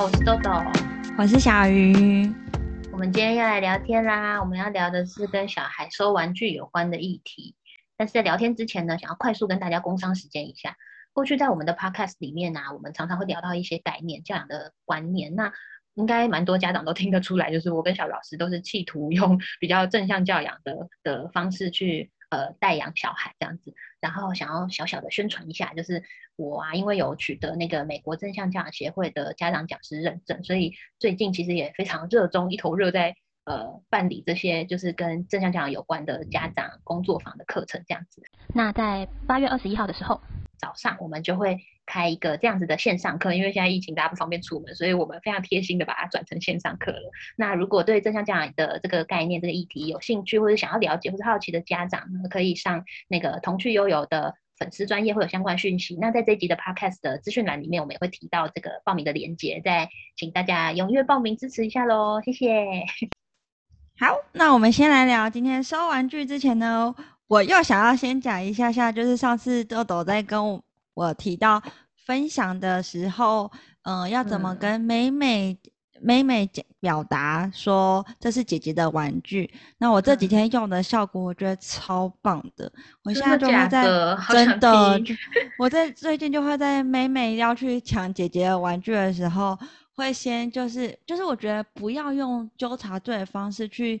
我是豆豆，我是小魚。我們今天要來聊天啦！我們要聊的是跟小孩收玩具有關的議題。但是在聊天之前呢，想要快速跟大家工商時間一下。過去在我們的 Podcast 裡面呢、啊，我們常常會聊到一些概念、教養的觀念。那應該蠻多家長都聽得出來，就是我跟小魚老師都是企圖用比較正向教養的的方式去，呃，帶養小孩這樣子，然後想要小小的宣傳一下，就是我啊，因為有取得那個美國正向教養協會的家長講師認證，所以最近其實也非常熱衷，一頭熱在呃辦理這些就是跟正向教養有關的家長工作坊的課程這樣子。那在八月二十一號的時候早上，我們就會。開一個這樣子的線上課，因為現在疫情大家不方便出門，所以我們非常貼心的把它轉成線上課了。那如果對正向教養的這個概念、這個議題有興趣，或者想要了解，或者好奇的家長，可以上那個童趣悠優的粉絲專頁，會有相關訊息。那在這一集的 Podcast 的資訊欄裡面，我們也會提到這個報名的連結，再請大家踴躍報名支持一下嘍，謝謝。好，那我們先來聊今天收玩具之前呢，我又想要先講一下下，就是上次豆豆在跟我，我提到分享的時候，嗯、呃，要怎麼跟妹妹美美表、嗯、美美表達說，這是姐姐的玩具？那我這幾天用的效果，我覺得超棒的。嗯、我現在就會在真的假的？真的，好，我在最近就會在妹妹要去搶姐姐的玩具的時候，會先就是就是，我覺得不要用糾察隊的方式去。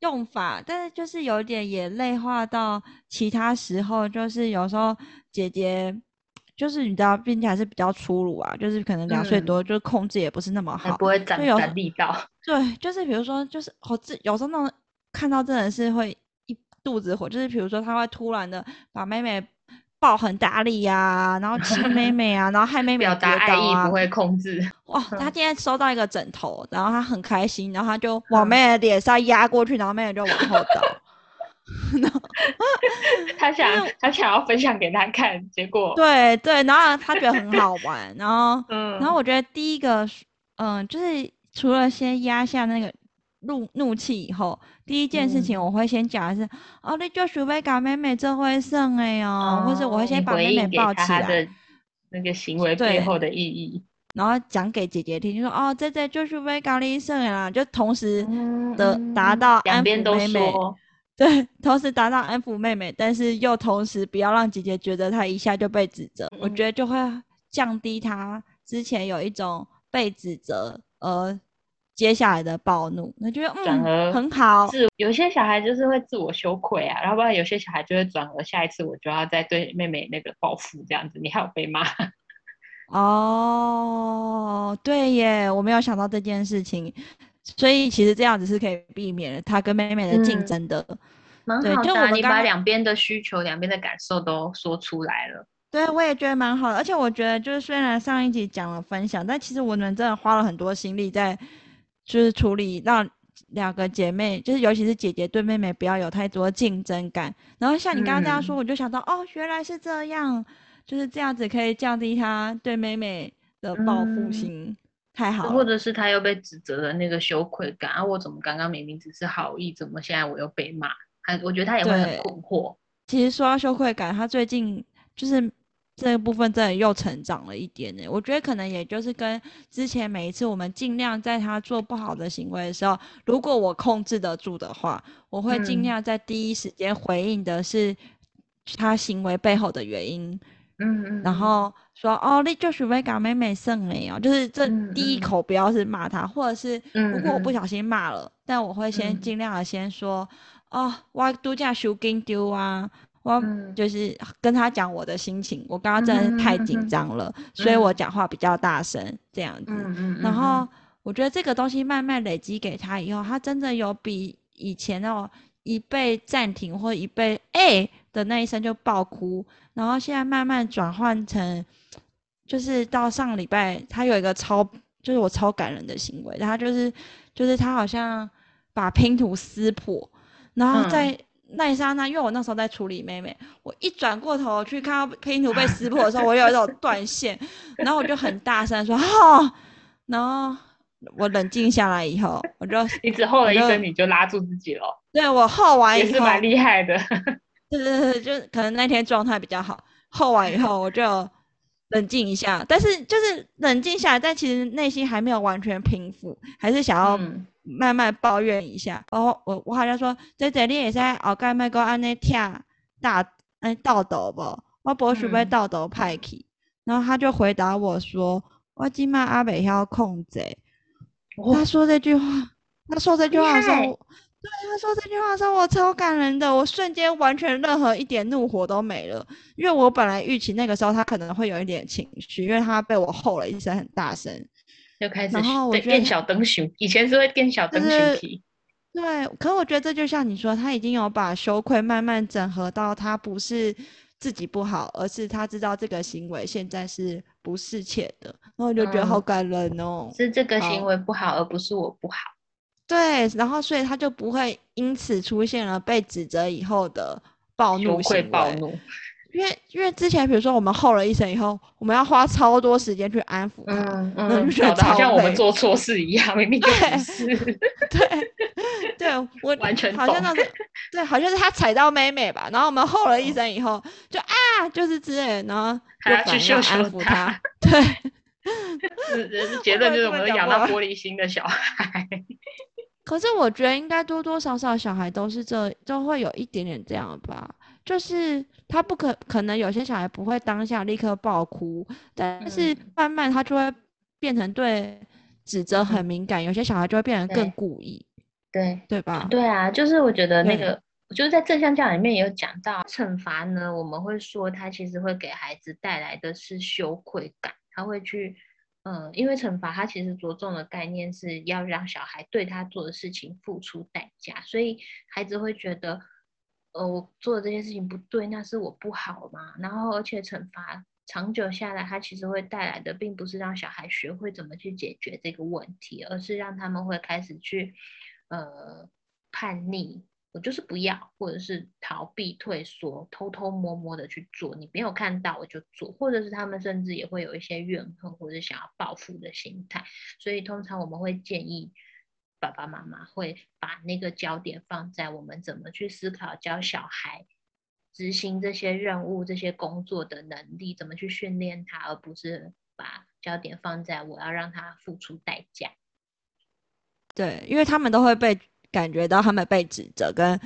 用法，但是就是有點也內化到其他時候，就是有時候姐姐就是你知道，畢竟還是比較粗魯啊，就是可能兩歲多、嗯、就控制也不是那麼好，還不會很力道，對，就是比如說就是好這、喔、有時候那種看到真的是會一肚子火，就是比如說他會突然的把妹妹。抱很大力呀，然後親妹妹啊，然後害妹妹跌倒啊，不會控制。哇、哦，他今天收到一個枕頭、嗯，然後他很開心，然後他就往妹妹臉上壓過去，嗯、然後妹妹就往後倒。 他想，他想要分享給他看，結果對對，然後他覺得很好玩， 然後、嗯，然後我覺得第一個，嗯，就是除了先壓下那個。怒怒氣以後，第一件事情我會先講的是，嗯、哦，你就是被高妹妹這會勝哎呦，或是我會先把妹妹抱起來，那個行為背後的意義，對，然後講給姐姐聽說，就說哦，這這就是被高麗勝啊，就同時的達到安撫妹妹、嗯嗯，對，同時達到安撫妹妹，但是又同時不要讓姐姐覺得她一下就被指責，嗯、我覺得就會降低她之前有一種被指責而。接下來的暴怒，那就轉而、嗯、很好是有些小孩就是會自我羞愧啊，要不然有些小孩就會轉而，下一次我就要再對妹妹那個報復這樣子，你還要被罵。哦，對耶，我沒有想到這件事情，所以其實這樣子是可以避免他跟妹妹的競爭的，蠻、嗯、好的、啊，對，就我們剛剛。你把兩邊的需求、兩邊的感受都說出來了，對，我也覺得蠻好的。而且我覺得，就是雖然上一集講了分享，但其實我們真的花了很多心力在。就是處理到兩個姐妹，就是尤其是姐姐對妹妹不要有太多競爭感。然後像你剛剛這樣說、嗯，我就想到哦，原來是這樣，就是這樣子可以降低她對妹妹的報復心、嗯，太好了。或者是她又被指責的那個羞愧感，啊，我怎麼剛剛明明只是好意，怎麼現在我又被罵？還我覺得她也會很困惑。其實說到羞愧感，她最近就是。這個部分真的又成長了一點耶。我覺得可能也就是跟之前每一次我們盡量在他做不好的行為的時候，如果我控制得住的話，我會盡量在第一時間回應的是他行為背後的原因。嗯嗯、嗯。然後說哦，那就是備給妹妹剩了有？就是這第一口不要是罵他，嗯嗯、或者是如果我不小心罵了，嗯、但我會先盡量的先說、嗯、哦，我度假書跟丟啊。我就是跟他講我的心情，嗯、我剛剛真的太緊張了、嗯嗯嗯，所以我講話比較大聲、嗯、這樣子、嗯。然後我覺得這個東西慢慢累積給他以後，他真的有比以前哦一被暫停或一被 A、欸、的那一聲就爆哭，然後現在慢慢轉換成就是到上禮拜他有一個超就是我超感人的行為，他就是就是他好像把拼圖撕破，然後在、嗯。那一剎那，因為我那時候在處理妹妹，我一轉過頭去看到拼圖被撕破的時候，我有一種斷線， 然後我就很大聲說啊，oh! 然後我冷靜下來以後，我就你只吼了一聲，你就拉住自己了。對，我吼完後也是蠻厲害的。對對對，就可能那天狀態比較好。吼完以後，我就冷靜一下， 但是就是冷靜下來，但其實內心還沒有完全平復，還是想要。嗯慢慢抱怨一下，後我我好像說在這裡也是，我剛買個安尼鐵大安道倒不，我不許被道德派去。然後他就回答我說，我今罵阿北要控賊。他說這句話，他說這句話的時候我，對他說這句話，說我超感人的，我瞬間完全任何一點怒火都沒了，因為我本來預期那個時候他可能會有一點情緒，因為他被我吼了一聲很大聲。就開始，然後我變小燈熊，以前是會變小燈熊，就是，對。可我覺得這就像你說，他已經有把羞愧慢慢整合到他不是自己不好，而是他知道這個行為現在是不適切的，然後我就覺得好感人哦。嗯、是這個行為不好，而不是我不好，嗯。對，然後所以他就不會因此出現了被指責以後的暴怒。羞愧暴怒。因為因為之前比如說我們吼了一聲以後，我們要花超多時間去安撫，嗯嗯，就、嗯、搞得好像我們做錯事一樣，明明就是，對 對，對，我完全好像那種對，好像是他踩到妹妹吧，然後我們吼了一聲以後，嗯、就啊，就是之類的，然後要安還要去秀秀他，對， 是，是，是結論就是我們養到玻璃心的小孩。 可是我覺得應該多多少少的小孩都是這都會有一點點這樣吧。就是他不可可能有些小孩不會當下立刻爆哭，但是慢慢他就會變成對指責很敏感，嗯、有些小孩就會變得更故意，對對吧？對啊，就是我覺得那個，就是在正向教養裡面也有講到懲罰呢，我們會說他其實會給孩子帶來的是羞愧感，他會去，嗯，因為懲罰他其實着重的概念是要讓小孩對他做的事情付出代價，所以孩子會覺得。呃，我做的這些事情不對，那是我不好嘛？然後，而且懲罰長久下來，它其實會帶來的，並不是讓小孩學會怎麼去解決這個問題，而是讓他們會開始去，呃，叛逆，我就是不要，或者是逃避、退縮、偷偷摸摸的去做，你沒有看到我就做，或者是他們甚至也會有一些怨恨或者想要報復的心態。所以，通常我們會建議。爸爸媽媽會把那個焦點放在我們怎麼去思考教小孩執行這些任務、這些工作的能力，怎麼去訓練他，而不是把焦點放在我要讓他付出代價。對，因為他們都會被感覺到他們被指責跟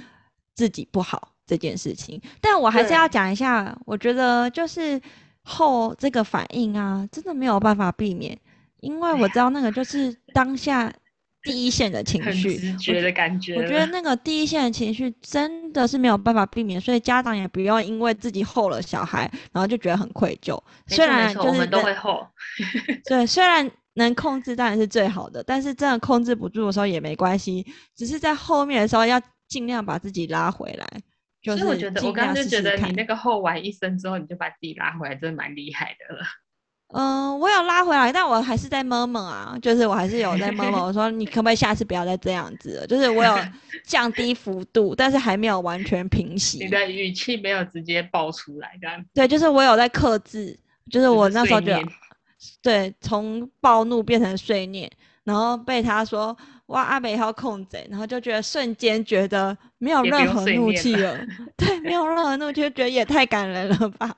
自己不好這件事情。但我還是要講一下，我覺得就是後這個反應啊，真的沒有辦法避免，因為我知道那個就是當下。對啊。第一線的情緒，覺得感覺我，我覺得那個第一線的情緒真的是沒有辦法避免，所以家長也不用因為自己吼了小孩，然後就覺得很愧疚。沒錯沒錯，雖然，就是我們都會吼。 對，雖然能控制當然是最好的，但是真的控制不住的時候也沒關係，只是在後面的時候要盡量把自己拉回來。就是、試試，所以我覺得，我剛剛就覺得你那個吼完一聲之後，你就把自己拉回來，真的蠻厲害的了。嗯，我有拉回來，但我還是在摸摸啊，就是我還是有在摸摸。我 說你可不可以下次不要再這樣子了，就是我有降低幅度， 但是還沒有完全平息。你的語氣沒有直接爆出來，對？對，就是我有在克制，就是我那時候就、啊就是，對，從暴怒變成碎念，然後被他說哇阿北好控制，然後就覺得瞬間覺得沒有任何怒氣了， 對，沒有任何怒氣， 就覺得也太感人了吧。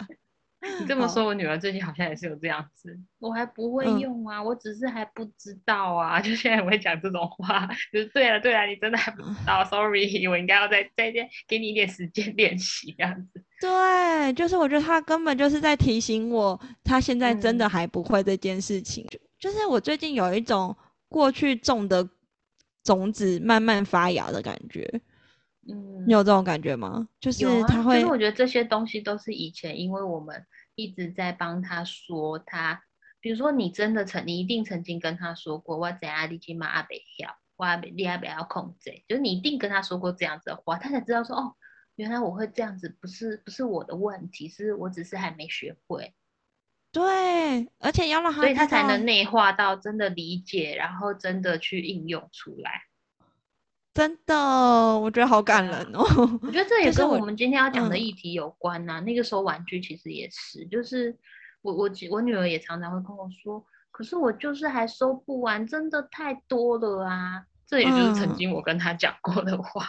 你這麼說，我女兒最近好像也是有這樣子。哦、我還不會用啊，我只是還不知道啊，嗯、就現在我會講這種話，就是對了對了，你真的還不知道、嗯、sorry，我應該要再再點給你一點時間練習這樣子。對，就是我覺得她根本就是在提醒我，她現在真的還不會這件事情。就、嗯、就是我最近有一種過去種的種子慢慢發芽的感覺。嗯，你有這種感覺嗎？嗯、就是他會，因為、啊就是，我覺得這些東西都是以前，因為我們一直在幫他說他，比如說你真的曾，你一定曾經跟他說過，我怎樣必須把阿北要，我要控制，就是你一定跟他說過這樣子的話，他才知道說，哦，原來我會這樣子，不是不是我的問題，是我只是還沒學會。對，而且要讓他，所以他才能內化到真的理解，然後真的去應用出來。真的，我覺得好感人哦。嗯、我覺得這也跟我們今天要講的議題有關吶、啊就是嗯。那個收玩具其實也是，就是我我我女兒也常常會跟我說，可是我就是還收不完，真的太多了啊。這也就是曾經我跟她講過的話。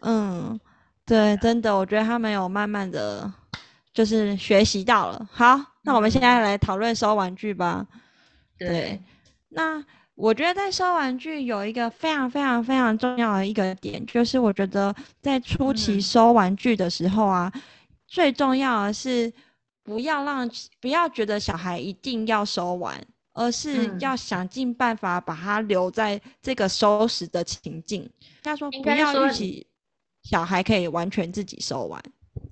嗯， 嗯，對，真的，我覺得他們有慢慢的就是學習到了。好，那我們現在來討論收玩具吧。對，那。我覺得在收玩具有一個非常非常非常重要的一個點，就是我覺得在初期收玩具的時候啊，嗯、最重要的是不要讓不要覺得小孩一定要收完，而是要想盡辦法把他留在這個收拾的情境。他、嗯、說不要預期小孩可以完全自己收完，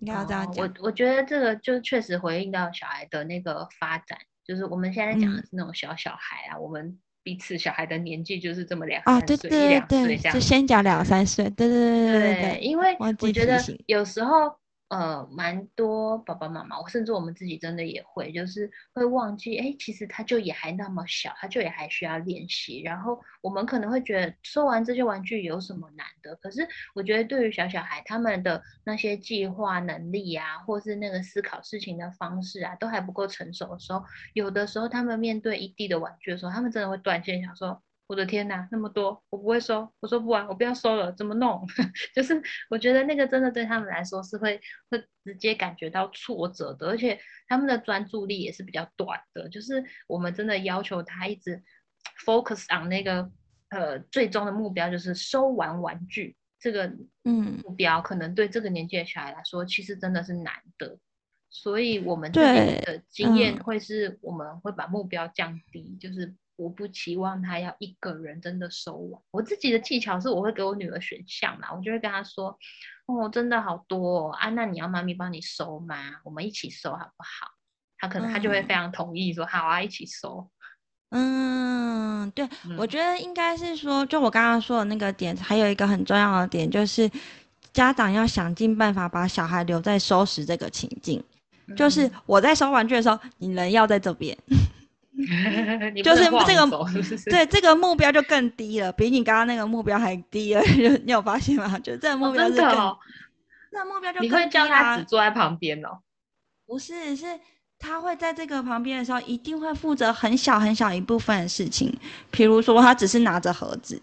應該要這樣講。我我覺得這個就確實回應到小孩的那個發展，就是我們現在講的是那種小小孩啊，嗯、我們。彼此小孩的年紀就是這麼兩三歲啊對對對，對對對，就先講兩三歲，對對對對對對，對對對，因為我覺得有時候。呃，蠻多爸爸媽媽，我甚至我們自己真的也會，就是會忘記，哎，其實他就也還那麼小，他就也還需要練習。然後我們可能會覺得收完這些玩具有什麼難的？可是我覺得，對於小小孩他們的那些計劃能力啊，或是那個思考事情的方式啊，都還不夠成熟的時候，有的時候他們面對一地的玩具的時候，他們真的會斷線，想說。我的天吶，那麼多，我不會收，我說不玩，我不要收了，怎麼弄？ 就是我覺得那個真的對他們來說是會會直接感覺到挫折的，而且他們的專注力也是比較短的，就是我們真的要求他一直 focus on 那個呃最終的目標，就是收完玩具這個嗯目標，可能對這個年紀的小孩來說其實真的是難的，所以我們這邊的經驗會是我們會把目標降低，嗯、就是。我不期望他要一個人真的收完。我自己的技巧是，我會給我女兒選項嘛，我就會跟她說：“哦，真的好多哦，啊，那你要媽咪幫你收嗎？我們一起收好不好？”他可能他就會非常同意說：“嗯、好啊，一起收。”嗯，對嗯，我覺得應該是說，就我剛剛說的那個點，還有一個很重要的點就是，家長要想盡辦法把小孩留在收拾這個情境，嗯、就是我在收玩具的時候，你人要在這邊。 就是這個 對，這個目標就更低了， 比你剛剛那個目標還低了， 你有發現嗎？就這個目標是更、哦哦、那目標就更低、啊、你會叫他只坐在旁邊哦？不是，是他會在這個旁邊的時候，一定會負責很小很小一部分的事情，譬如說他只是拿着盒子，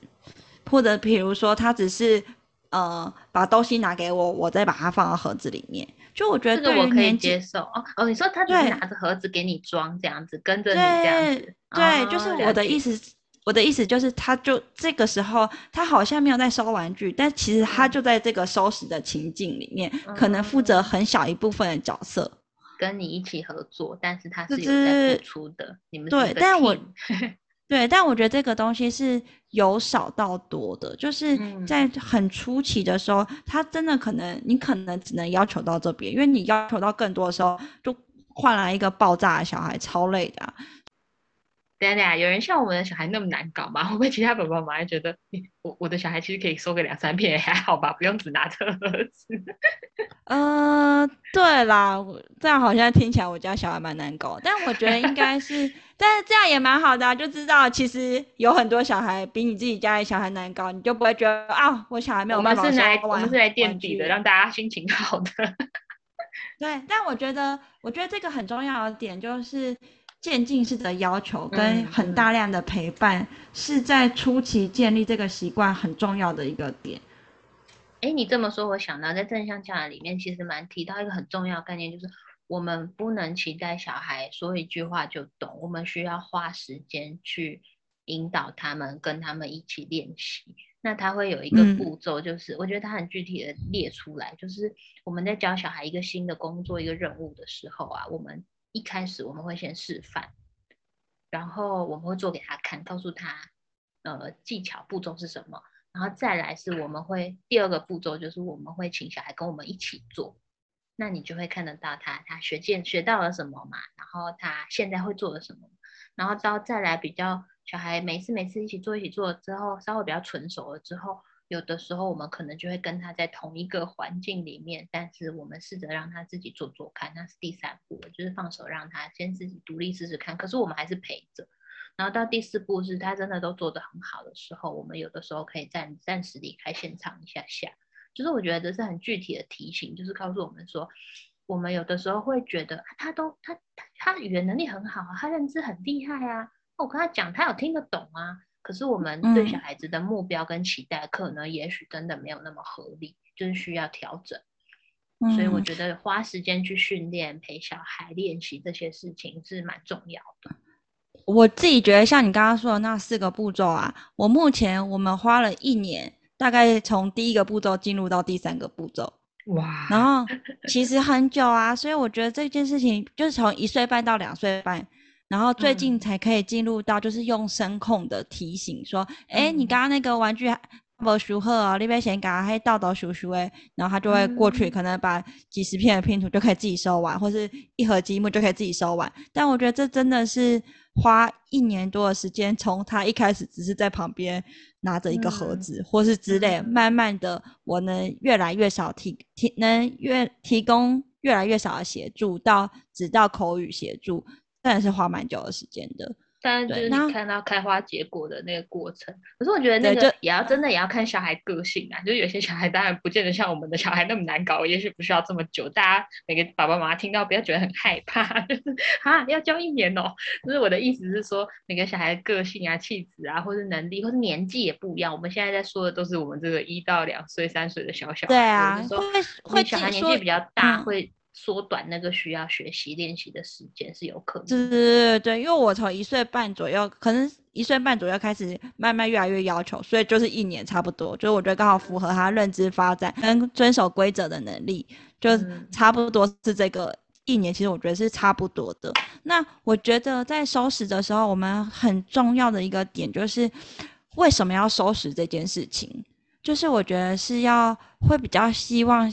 或者譬如說他只是呃把東西拿給我，我再把它放到盒子裡面。就我覺得對、這個、我可以接受哦哦，你說他就會拿着盒子給你裝這樣子，跟着你這樣子，對對、哦，就是我的意思。我的意思就是，他就這個時候，他好像沒有在收玩具，但其實他就在這個收拾的情境裡面，嗯、可能負責很小一部分的角色，跟你一起合作，但是他是有在付出的。就是、你們覺得對，但我。 對，但我覺得這個東西是由少到多的，就是在很初期的時候，他、嗯、真的可能你可能只能要求到這邊，因為你要求到更多的時候，就換來一個爆炸的小孩，超累的、啊。有人像我們的小孩那麼難搞嗎？我們其他爸爸媽媽也覺得，我我的小孩其實可以說個兩三遍，還好吧，不用只拿着盒子。嗯、呃，對啦，這樣好像聽起來我家小孩蠻難搞，但我覺得應該是， 但是這樣也蠻好的、啊，就知道其實有很多小孩比你自己家的小孩難搞，你就不會覺得啊、哦，我小孩沒有辦法。我們是來我們是來墊底的，讓大家心情好的。對，但我覺得，我覺得這個很重要的點就是，漸進式的要求跟很大量的陪伴，嗯，是在初期建立這個習慣很重要的一個點。誒，你這麼說，我想到在正向教養裡面，其實蠻提到一個很重要概念，就是我們不能期待小孩說一句話就懂，我們需要花時間去引導他們，跟他們一起練習。那他會有一個步驟，就是、嗯、我覺得他很具體的列出來，就是我們在教小孩一個新的工作、一個任務的時候啊，我們一開始我們會先示範，然後我們會做給他看，告訴他，呃，技巧步驟是什麼，然後再來是我們會第二個步驟，就是我們會請小孩跟我們一起做，那你就會看得到他他學見學到了什麼嘛，然後他現在會做了什麼，然後到再來比較小孩每次每次一起做一起做之後，稍微比較純熟了之後。有的時候，我們可能就會跟他在同一個環境裡面，但是我們試着讓他自己做做看，那是第三步，就是放手讓他先自己獨立試試看。可是我們還是陪着，然後到第四步是他真的都做得很好的時候，我們有的時候可以暫暫時離開現場一下下。就是我覺得這是很具體的提醒，就是告訴我們說，我們有的時候會覺得他都他他語言能力很好啊，他認知很厲害啊，我跟他講，他有聽得懂啊。可是我們對小孩子的目標跟期待，可能也許真的沒有那麼合理，嗯。就是需要調整。嗯。所以我覺得花時間去訓練、陪小孩練習這些事情是蠻重要的。我自己覺得像你剛剛說的那四個步驟啊，我目前我們花了一年，大概從第一個步驟進入到第三個步驟。哇！然後其實很久啊，所以我覺得這件事情就是從一歲半到兩歲半。然後最近才可以進入到，就是用聲控的提醒說，哎、嗯，你剛剛那個玩具不收啊，你別嫌卡，還倒倒熟熟哎，然後他就會過去，可能把幾十片的拼圖就可以自己收完，嗯，或是一盒積木就可以自己收完。但我覺得這真的是花一年多的時間，從他一開始只是在旁邊拿着一個盒子，嗯，或是之類，慢慢的我能越來越少提提，能越提供越來越少的協助，到直到口語協助。當然是，是花蠻久的時間的，但就是你看到開花結果的那個過程。可是我覺得那個也要真的也要看小孩個性啊，就是，有些小孩當然不見得像我們的小孩那麼難搞，也許不需要這麼久。大家每個爸爸媽媽聽到不要覺得很害怕，就是蛤，要教一年哦，喔。就是我的意思是說，每個小孩個性啊，氣質啊，或者能力或者年紀也不一樣。我們現在在說的都是我們這個一到兩歲、三歲的小小孩。對啊，對，就是，說會，會小孩年紀比較大會。嗯縮短那個需要學習練習的時間是有可能，是，對，因為我從一歲半左右，可能一歲半左右開始，慢慢越來越要求，所以就是一年差不多，就是我覺得剛好符合他認知發展跟遵守規則的能力，就差不多是這個、嗯、一年，其實我覺得是差不多的。那我覺得在收拾的時候，我們很重要的一個點就是，為什麼要收拾這件事情？就是我覺得是要會比較希望。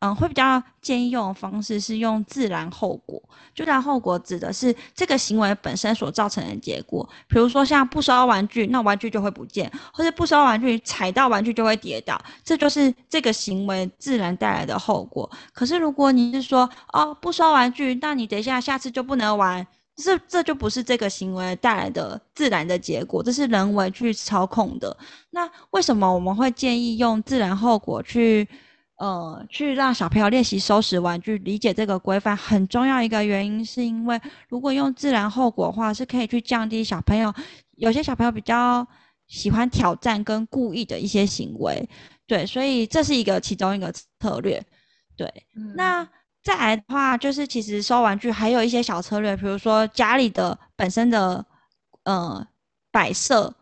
嗯，會比較建議用的方式是用自然後果。自然後果指的是這個行為本身所造成的結果，比如說像不收玩具，那玩具就會不見；或者不收玩具，踩到玩具就會跌倒，這就是這個行為自然帶來的後果。可是如果你是說，哦，不收玩具，那你等一下下次就不能玩，這這就不是這個行為帶來的自然的結果，這是人為去操控的。那為什麼我們會建議用自然後果去？呃，去讓小朋友練習收拾玩具，理解這個規範很重要。一個原因是因為，如果用自然後果的話，是可以去降低小朋友，有些小朋友比較喜歡挑戰跟故意的一些行為。對，所以這是一個其中一個策略。對，嗯、那再來的話，就是其實收玩具還有一些小策略，比如說家裡的本身的呃擺設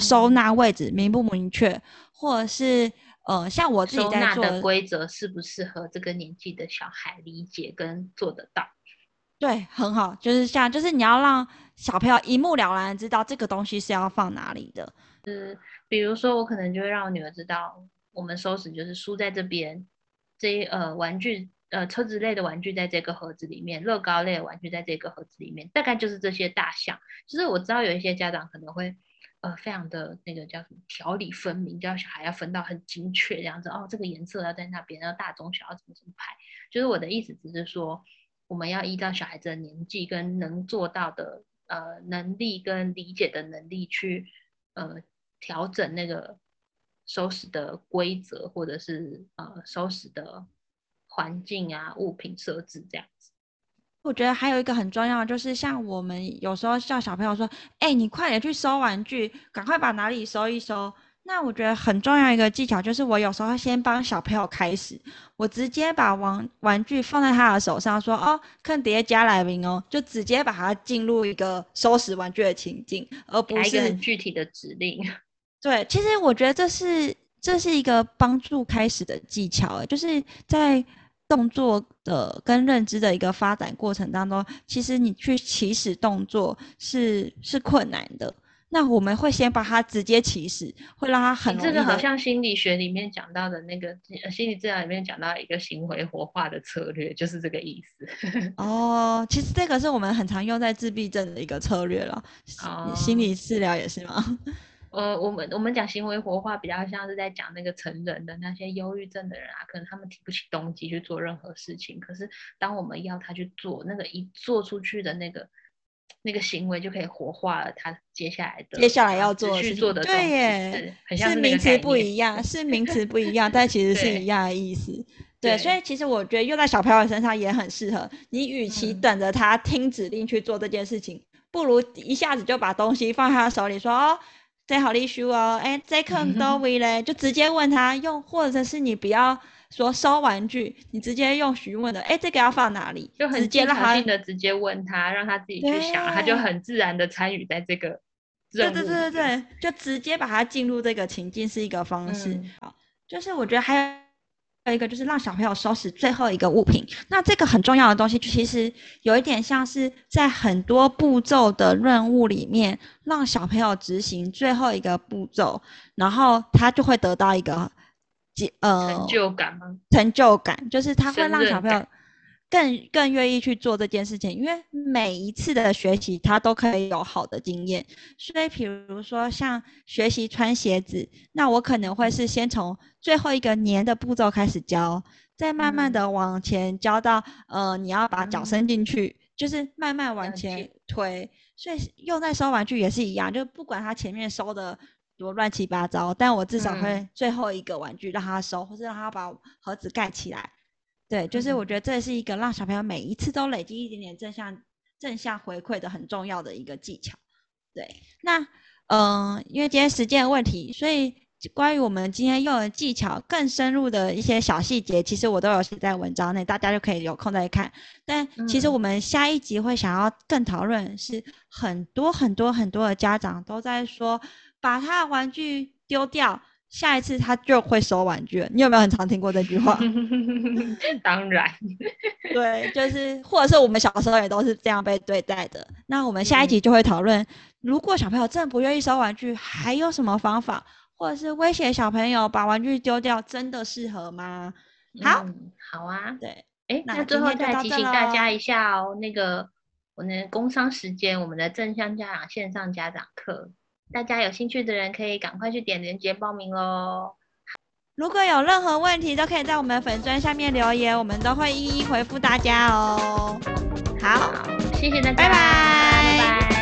收納位置、嗯、明不明確，或者是。呃，像我自己在收納的規則適不適合這個年紀的小孩理解跟做得到？對，很好，就是像，就是你要讓小朋友一目了然知道這個東西是要放哪裡的。嗯、呃，比如說我可能就會讓我女兒知道，我們收拾就是書在這邊，這一呃玩具呃車子類的玩具在這個盒子裡面，樂高類的玩具在這個盒子裡面，大概就是這些大項。就是我知道有一些家長可能會。呃，非常的那個叫什麼條理分明，叫小孩要分到很精確這樣子。哦，這個顏色要在那邊，然後，大中小怎麼怎麼排，就是我的意思，只是說我們要依照小孩子的年紀跟能做到的呃能力跟理解的能力去呃調整那個收拾的規則，或者是呃收拾的環境啊物品設置這樣子。我覺得還有一個很重要，就是像我們有時候叫小朋友說：“哎、欸，你快點去收玩具，趕快把哪裡收一收。”那我覺得很重要一個技巧就是，我有時候要先幫小朋友開始，我直接把玩玩具放在他的手上，說：“哦，看爹家來明哦。”就直接把他進入一個收拾玩具的情境，而不是一個很具體的指令。對，其實我覺得這是這是一個幫助開始的技巧，就是在。動作的跟認知的一個發展過程當中，其實你去起始動作是是困難的。那我們會先把它直接起始，會讓它很這個好像心理學裡面講到的那個，心理治療裡面講到一個行為活化的策略，就是這個意思。哦、 oh,，其實這個是我們很常用在自閉症的一個策略了，心理治療也是嗎？Oh. 呃，我們我們講行為活化，比較像是在講那個成人的那些憂鬱症的人啊，可能他們提不起動機去做任何事情。可是，當我們要他去做，那個一做出去的那個那個行為，就可以活化了他接下來的接下來要做，去做的是。對耶，很像是，是名詞不一樣，是名詞不一樣， 但其實是一樣的意思對。對，所以其實我覺得用在小朋友身上也很適合。你與其等着他聽指令去做這件事情，嗯、不如一下子就把東西放在他手裡，說哦。在好利修哦，哎， 這看到位嘞，就直接問他用，或者是你不要說收玩具，你直接用詢問的，哎、欸，這個要放哪裡？直接就很技巧性的直接問他，讓他自己去想，他就很自然的參與在這個。對對對對對，就直接把他進入這個情境是一個方式。嗯、好，就是我覺得還有。還有一個就是讓小朋友收拾最後一個物品，那這個很重要的東西，就其實有一點像是在很多步驟的任務裡面，讓小朋友執行最後一個步驟，然後他就會得到一個結呃成就感嗎？成就感，成就感，就是他會讓小朋友。更更願意去做這件事情，因為每一次的學習他都可以有好的經驗，所以比如說像學習穿鞋子，那我可能會是先從最後一個粘的步驟開始教，再慢慢的往前教到，嗯、呃，你要把腳伸進去、嗯，就是慢慢往前推。所以用在收玩具也是一樣，就不管他前面收的多亂七八糟，但我至少會最後一個玩具讓他收，嗯、或者讓他把盒子蓋起來。對，就是我覺得這是一個讓小朋友每一次都累積一點點正向正向回饋的很重要的一個技巧。對，那嗯、呃，因為今天時間的問題，所以關於我們今天用的技巧更深入的一些小細節，其實我都有寫在文章內，大家就可以有空再看。但其實我們下一集會想要更討論，是很多很多很多的家長都在說，把他的玩具丟掉。下一次他就會收玩具，你有沒有很常聽過這句話？ 當然， 對，就是或者是我們小時候也都是這樣被對待的。那我們下一集就會討論、嗯，如果小朋友真的不願意收玩具，還有什麼方法，或者是威脅小朋友把玩具丟掉，真的適合嗎？好、嗯，好啊，對，欸、那最後再提醒大家一下哦，那個我們工商時間，我們的正向家長線上家長課。大家有興趣的人可以趕快去點鏈接報名哦。如果有任何問題，都可以在我們粉專下面留言，我們都會一一回復大家哦。好。好，謝謝大家，拜拜，拜拜。拜拜拜拜。